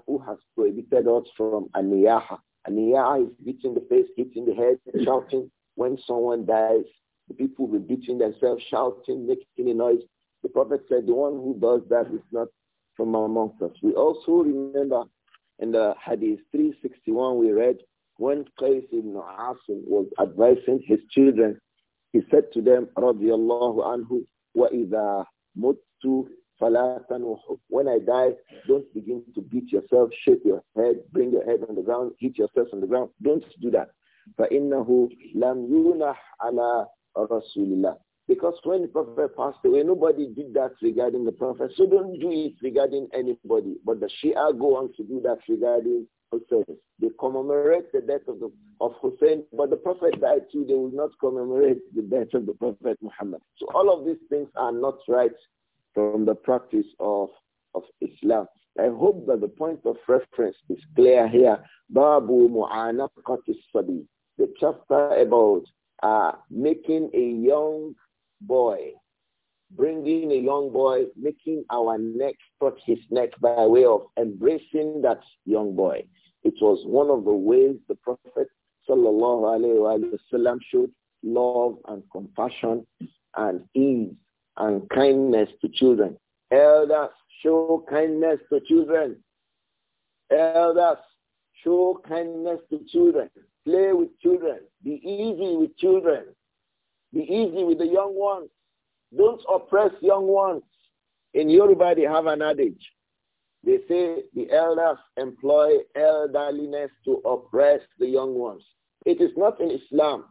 who has prohibited us from aniyaha. Aniyaha is beating the face, hitting the head, shouting. When someone dies, the people will be beating themselves, shouting, making a noise. The Prophet said, the one who does that is not from amongst us. We also remember in the Hadith 361 we read, when Qais ibn Asim was advising his children, he said to them, radiyallahu anhu, wa مُتُّ When I die, don't begin to beat yourself, shake your head, bring your head on the ground, hit yourself on the ground. Don't do that. فَإِنَّهُ لَمْ يُنَحْ عَلَى رَسُولِ اللَّهِ because when the Prophet passed away, nobody did that regarding the Prophet. So don't do it regarding anybody. But the Shia go on to do that regarding Hussein. They commemorate the death of, the, of Hussein, but the Prophet died too. They will not commemorate the death of the Prophet Muhammad. So all of these things are not right from the practice of, of Islam. I hope that the point of reference is clear here. Babu Mu'anaqatis Sabi. The chapter about uh, making a young boy, bringing a young boy, making our neck touch his neck by way of embracing that young boy. It was one of the ways the Prophet wasallam showed love and compassion and ease and kindness to children. Elders, show kindness to children. Elders, show kindness to children. Play with children. Be easy with children. Be easy with the young ones. Don't oppress young ones. In Yoruba, they have an adage. They say the elders employ elderliness to oppress the young ones. It is not in Islam.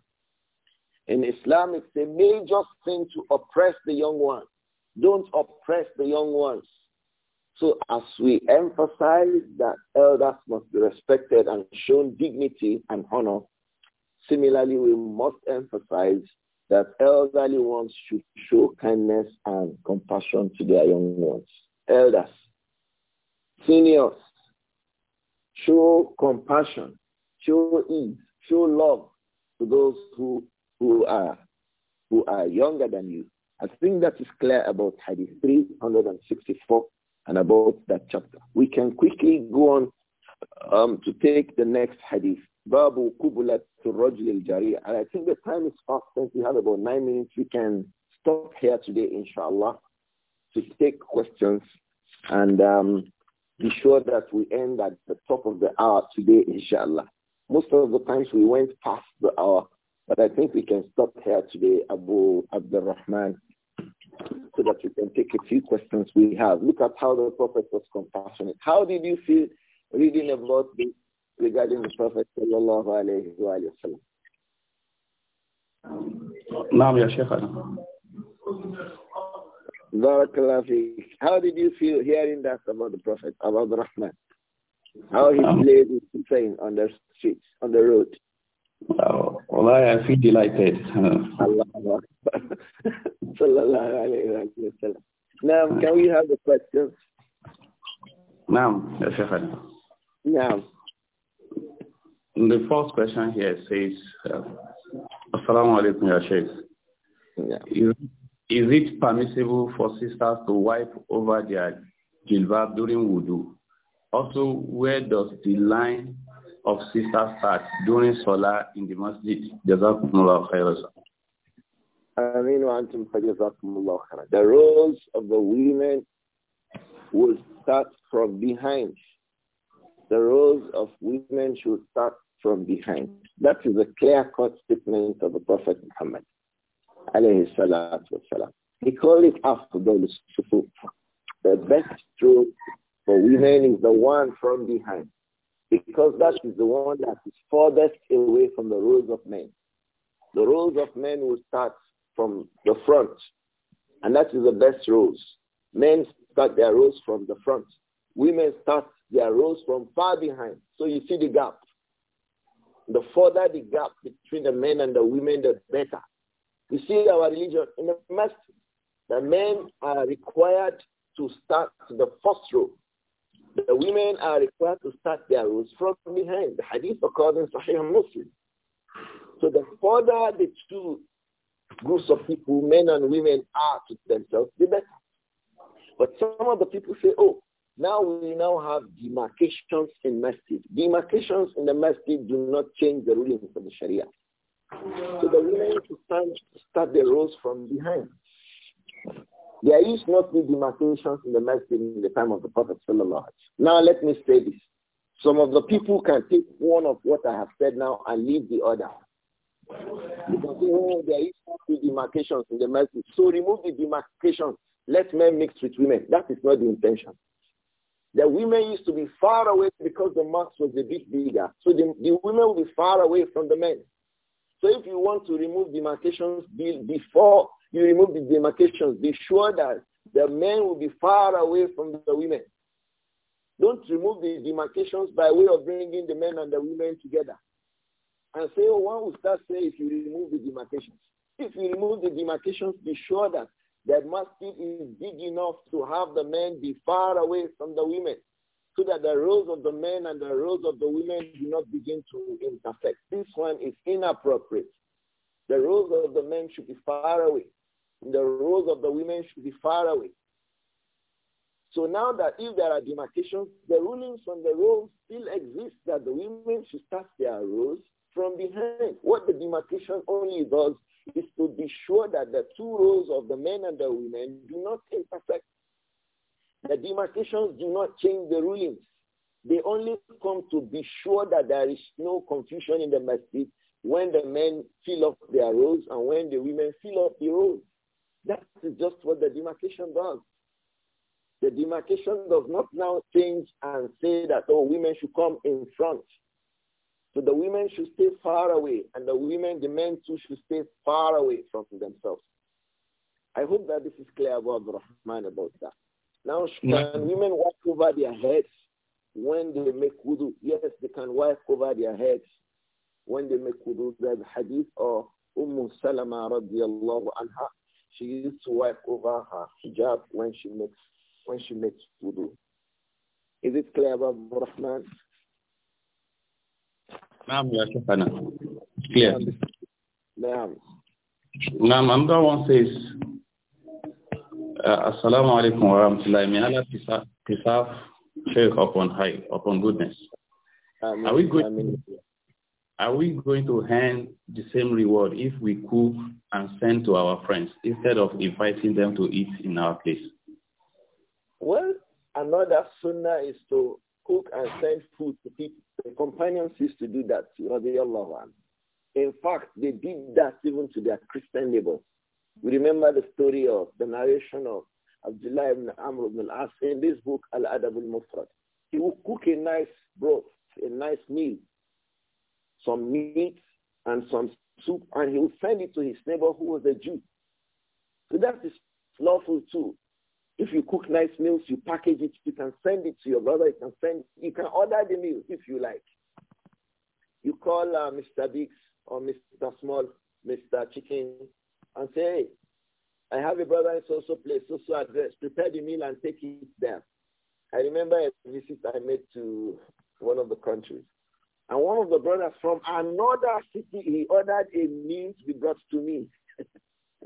In Islam, it's a major sin to oppress the young ones. Don't oppress the young ones. So as we emphasize that elders must be respected and shown dignity and honor, similarly, we must emphasize that elderly ones should show kindness and compassion to their young ones. Elders, seniors, show compassion, show ease, show love to those who, who, are, who are younger than you. I think that is clear about Hadith 364 and about that chapter. We can quickly go on um, to take the next Hadith. Babu Kubulat Rajlil Jari. And I think the time is up. since we have about nine minutes. We can stop here today, inshallah, to take questions and um, be sure that we end at the top of the hour today, inshallah. Most of the times we went past the hour, but I think we can stop here today, Abu Abdurrahman, Rahman, so that we can take a few questions we have. Look at how the Prophet was compassionate. How did you feel reading about this regarding the Prophet sallallahu alayhi wa sallam? Naam, ya Sheikh. How did you feel hearing that about the Prophet, about the Rahman? How he um, played his train on the streets, on the road? Uh, well, I, feel delighted. Allahu Akbar. Sallallahu alayhi wa Now, can we have the questions? Naam, Naam. The first question here says, uh, Assalamu alaikum, Ya Sheikh. Yeah. Is, is it permissible for sisters to wipe over their jilbab during wudu? Also, where does the line of sisters start during salah in the masjid? Jazakumullah khairan. The roles of the women will start from behind the roles of women should start from behind. That is a clear-cut statement of the Prophet Muhammad. He called it Afdol Sufu. The best role for women is the one from behind. Because that is the one that is furthest away from the roles of men. The roles of men will start from the front. And that is the best roles. Men start their roles from the front. Women start they arose from far behind. So you see the gap. The further the gap between the men and the women, the better. You see our religion in the masjid. The men are required to start the first row. The women are required to start their rows from behind. The hadith according to Sahih Muslim. So the further the two groups of people, men and women, are to themselves, the better. But some of the people say, oh, now we now have demarcations in masjid. Demarcations in the masjid do not change the rulings of the Sharia. So the women to start start the rows from behind. There used not the be demarcations in the masjid in the time of the Prophet sallallahu Now let me say this. Some of the people can take one of what I have said now and leave the other. Because oh, there is not the be demarcations in the masjid. So remove the demarcations. Let men mix with women. That is not the intention. The women used to be far away because the mosque was a bit bigger. So the, the women would be far away from the men. So if you want to remove demarcations before you remove the demarcations, be sure that the men will be far away from the women. Don't remove the demarcations by way of bringing the men and the women together. And say, oh, one will start saying if you remove the demarcations. If you remove the demarcations, be sure that that masjid is big enough to have the men be far away from the women so that the roles of the men and the roles of the women do not begin to intersect. This one is inappropriate. The roles of the men should be far away. The roles of the women should be far away. So now that if there are demarcations, the rulings on the roles still exist that the women should start their roles from behind. What the demarcation only does is to be sure that the two roles of the men and the women do not intersect. The demarcations do not change the rulings. They only come to be sure that there is no confusion in the masjid when the men fill up their roles and when the women fill up the roles. That is just what the demarcation does. The demarcation does not now change and say that, oh, women should come in front so the women should stay far away, and the women, the men too, should stay far away from themselves. I hope that this is clear about Rahman about that. Now, can yeah. women wipe over their heads when they make wudu? Yes, they can wipe over their heads when they make wudu. There's a hadith of Umm Salama radiallahu anha. She used to wipe over her hijab when she makes when she makes wudu. Is it clear about Rahman? Naam, yes, Shafana. Clear. Naam. Naam, another one says, uh, Assalamu alaikum wa rahmatullahi. wa Allah Shaykh upon high, upon goodness. Amen. Are we good? Amen. Are we going to hand the same reward if we cook and send to our friends instead of inviting them to eat in our place? Well, another sunnah is to cook and send food to people. The companions used to do that, radiallahu In fact, they did that even to their Christian neighbors. We remember the story of the narration of Abdullah ibn Amr ibn al-As in this book, Al-Adab al-Mufrad. He would cook a nice broth, a nice meal, some meat and some soup, and he would send it to his neighbor who was a Jew. So that is lawful too. If you cook nice meals, you package it, you can send it to your brother, you can send, you can order the meal if you like. You call uh, Mr. Biggs or Mr. Small, Mr. Chicken, and say, hey, I have a brother in so-so place, so-so address. Prepare the meal and take it there. I remember a visit I made to one of the countries. And one of the brothers from another city, he ordered a meal to be brought to me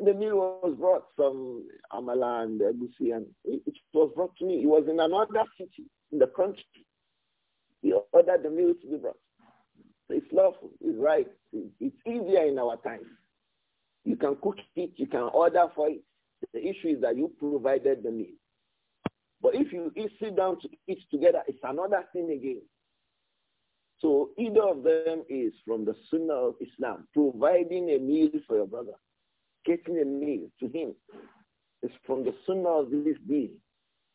the meal was brought from Amala and Egusi, and it was brought to me. It was in another city in the country. He ordered the meal to be brought. It's lawful. It's right. It's easier in our time. You can cook it. You can order for it. The issue is that you provided the meal. But if you eat, sit down to eat together, it's another thing again. So either of them is from the Sunnah of Islam, providing a meal for your brother. Getting a meal to him is from the sunnah of this deed.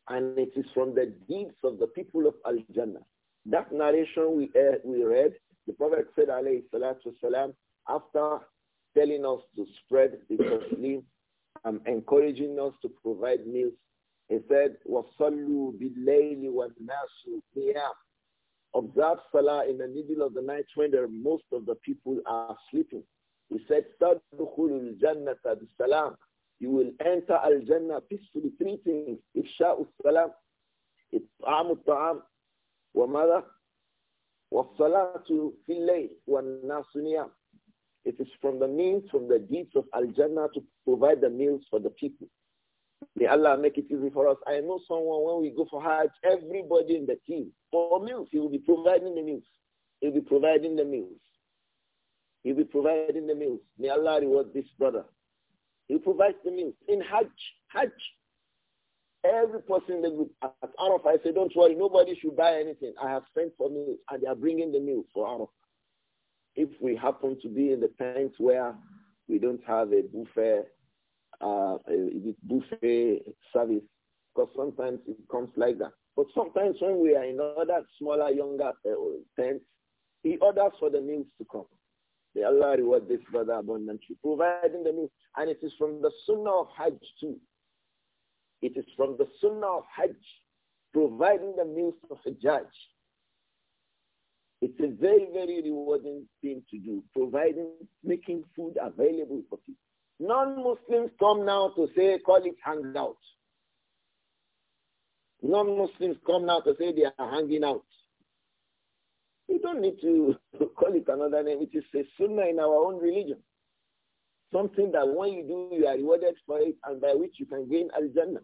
And it is from the deeds of the people of Al-Jannah. That narration we, uh, we read, the Prophet said, alayhi salatu wasalam, after telling us to spread the Taslim um, encouraging us to provide meals, he said, وَصَلُّوا بِاللَّيْلِ وَالنَّاسُ قِيَامٌ Observe Salah in the middle of the night when most of the people are sleeping. He said, تَدْخُلُ الْجَنَّةَ بِالسَّلَامِ You will enter Al-Jannah peacefully, three things. it-taam السَّلَامِ إِطْعَامُ wa وَمَاذَا wa فِي اللَّيْلِ wa-nasuniya. نِيَامِ It is from the means, from the deeds of Al-Jannah to provide the meals for the people. May Allah make it easy for us. I know someone when we go for Hajj, everybody in the team, for meals, he will be providing the meals. He'll be providing the meals. He'll be providing the meals. May Allah reward this brother. He provides the meals. In Hajj, Hajj, every person in the group at Arafah, I say, don't worry, nobody should buy anything. I have sent for meals, and they are bringing the meals for Arafah. If we happen to be in the tents where we don't have a buffet, uh, a buffet service, because sometimes it comes like that. But sometimes when we are in other smaller, younger uh, tents, he orders for the meals to come. The Allah reward this brother abundantly, providing the means. And it is from the sunnah of Hajj too. It is from the sunnah of Hajj, providing the means of a judge. It's a very, very rewarding thing to do, providing, making food available for people. Non-Muslims come now to say, call it hangout. Non-Muslims come now to say they are hanging out. We don't need to call it another name. It is a sunnah in our own religion. Something that when you do, you are rewarded for it and by which you can gain al-jannah.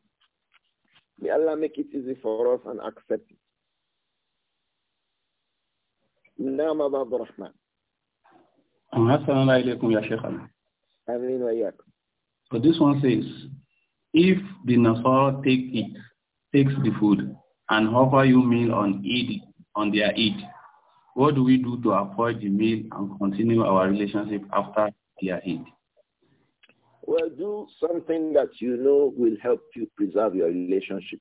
May Allah make it easy for us and accept it. نعم أبا rahman So this one says, if the Nasara take it, takes the food and offer you meal on Eid, on their Eid, what do we do to avoid the meal and continue our relationship after their end? Well, do something that you know will help you preserve your relationship.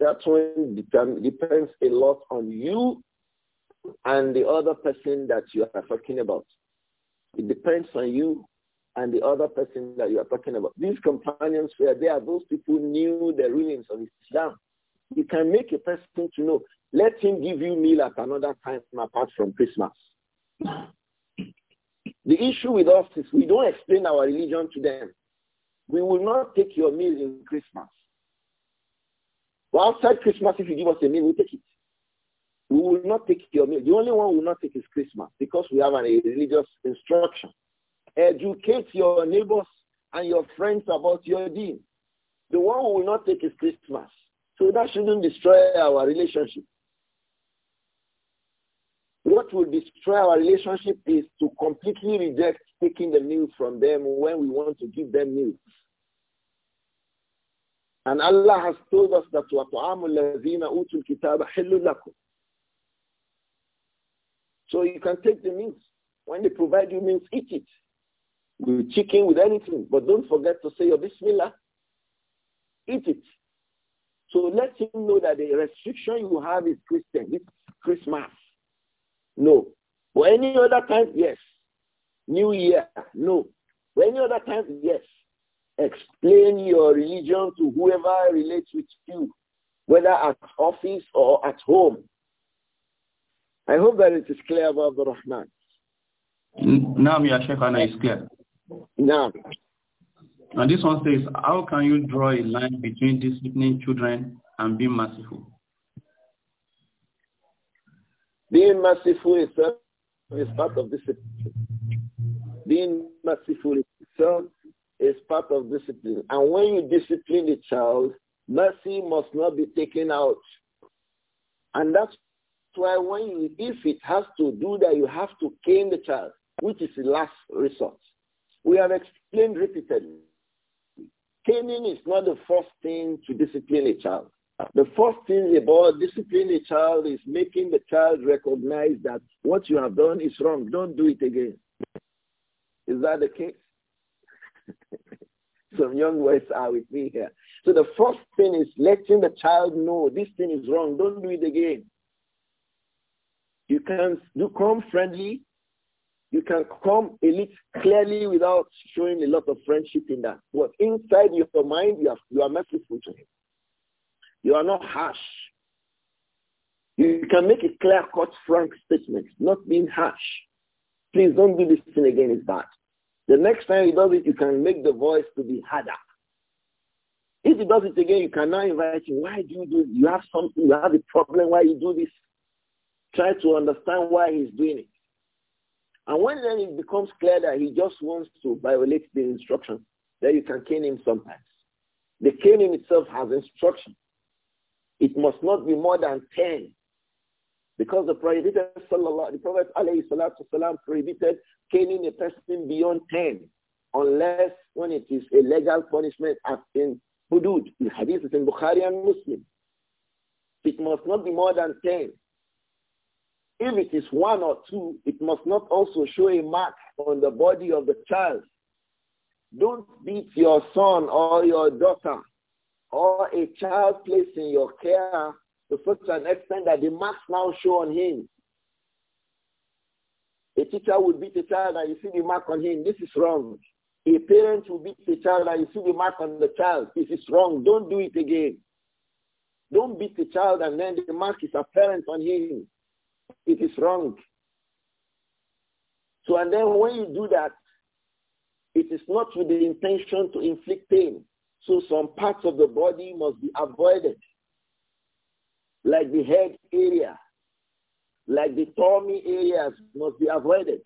That one depends a lot on you and the other person that you are talking about. It depends on you and the other person that you are talking about. These companions were there. Those people knew the rulings of Islam. You can make a person to know. Let him give you meal at another time apart from Christmas. The issue with us is we don't explain our religion to them. We will not take your meal in Christmas. But outside Christmas, if you give us a meal, we'll take it. We will not take your meal. The only one we will not take is Christmas because we have a religious instruction. Educate your neighbors and your friends about your deen. The one we will not take is Christmas. So that shouldn't destroy our relationship. What will destroy our relationship is to completely reject taking the news from them when we want to give them news. And Allah has told us that وَطَعَامُ الَّذِينَ أُوتُوا الْكِتَابَ حِلٌّ لَكُمْ So you can take the meals. When they provide you meals, eat it. With chicken, with anything. But don't forget to say your Bismillah. Eat it. So let him know that the restriction you have is Christian. It's Christmas. No. But any other time, yes. New Year, no. For any other time, yes. Explain your religion to whoever relates with you, whether at office or at home. I hope that it is clear about the Rahman. Now, Ya Sheikhana is clear. Now. And this one says, how can you draw a line between disciplining children and being merciful? Being merciful itself is part of discipline. Being merciful itself is part of discipline. And when you discipline the child, mercy must not be taken out. And that's why when you, if it has to do that, you have to cane the child, which is the last resort. We have explained repeatedly. Caning is not the first thing to discipline a child. The first thing about disciplining a child is making the child recognize that what you have done is wrong. Don't do it again. Is that the case? Some young boys are with me here. So the first thing is letting the child know this thing is wrong. Don't do it again. You can you come friendly. You can come a little clearly without showing a lot of friendship in that. But inside your mind, you, have, you are merciful to him. You are not harsh. You can make a clear-cut, frank statement, not being harsh. Please don't do this thing again, it's bad. The next time he does it, you can make the voice to be harder. If he does it again, you cannot invite him. Why do you do this? You have something, you have a problem, why you do this? Try to understand why he's doing it. And when then it becomes clear that he just wants to violate the instruction, then you can cane him sometimes. The caning itself has instruction. It must not be more than 10. Because the Prophet, the Prophet والسلام, prohibited caning a person beyond 10, unless when it is a legal punishment as in hudud. The hadith is in Bukhari and Muslim. It must not be more than 10. If it is one or two, it must not also show a mark on the body of the child. Don't beat your son or your daughter or a child placed in your care to such an extent that the marks now show on him. A teacher will beat a child and you see the mark on him. This is wrong. A parent will beat the child and you see the mark on the child. This is wrong. Don't do it again. Don't beat the child and then the mark is apparent on him. It is wrong. So and then when you do that, it is not with the intention to inflict pain. So some parts of the body must be avoided, like the head area, like the tummy areas must be avoided.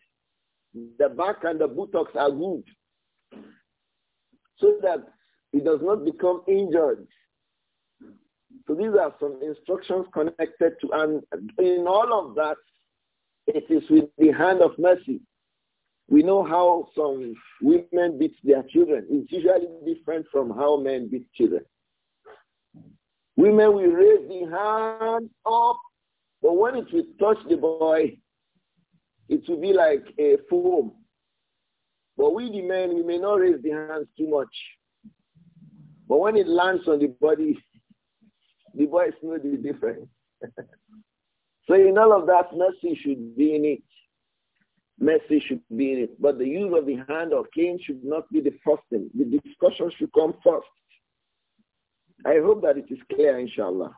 The back and the buttocks are good so that it does not become injured. So these are some instructions connected to, and in all of that, it is with the hand of mercy. We know how some women beat their children. It's usually different from how men beat children. Women will raise the hand up, but when it will touch the boy, it will be like a foam. But we the men, we may not raise the hands too much. But when it lands on the body, the boys know the difference. so in all of that, mercy should be in it mercy should be in it. But the use of the hand or cane should not be the first thing. The discussion should come first. I hope that it is clear, inshallah.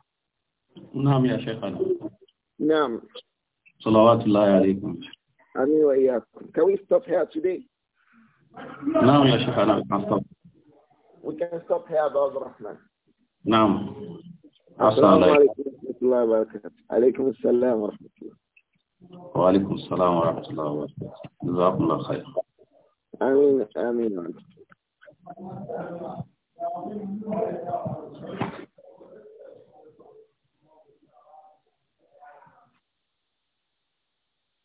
نعم يا شيخنا. نعم. صلوات الله عليكم. آمين وإياكم. Can we stop here today? نعم يا شيخنا. We can stop. We can stop here بعد rahman نعم. السلام alaykum ورحمة الله وبركاته. عليكم السلام ورحمة وعليكم السلام ورحمة الله وبركاته جزاكم الله خير آمين آمين